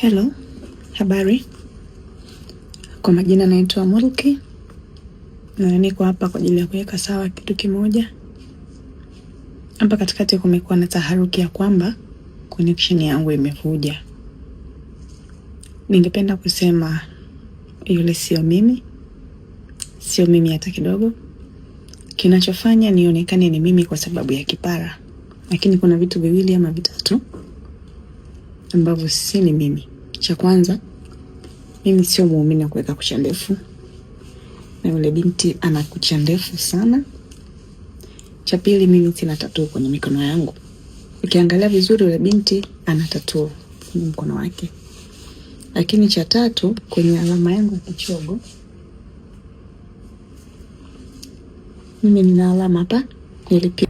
Hello, habari. Kwa majina naitwa Mulki na niko hapa kwa ajili ya kuweka sawa kitu kimoja. Hapa katikati kumekuwa na taharuki ya kwamba connection yangu imevuja. Ningependa kusema yule sio mimi, sio mimi hata kidogo. Kinachofanya nionekane ni mimi kwa sababu ya kipara, lakini kuna vitu viwili ama vitatu ambavyo si ni mimi cha kwanza, mimi sio muumini wa kuweka kucha ndefu, na yule binti ana kucha ndefu sana. Cha pili, mimi sina tatuu kwenye mikono yangu. Ukiangalia vizuri, yule binti ana tatuu kwenye mkono wake. Lakini cha tatu, kwenye alama yangu ya kichogo, mimi nina alama hapa nilipi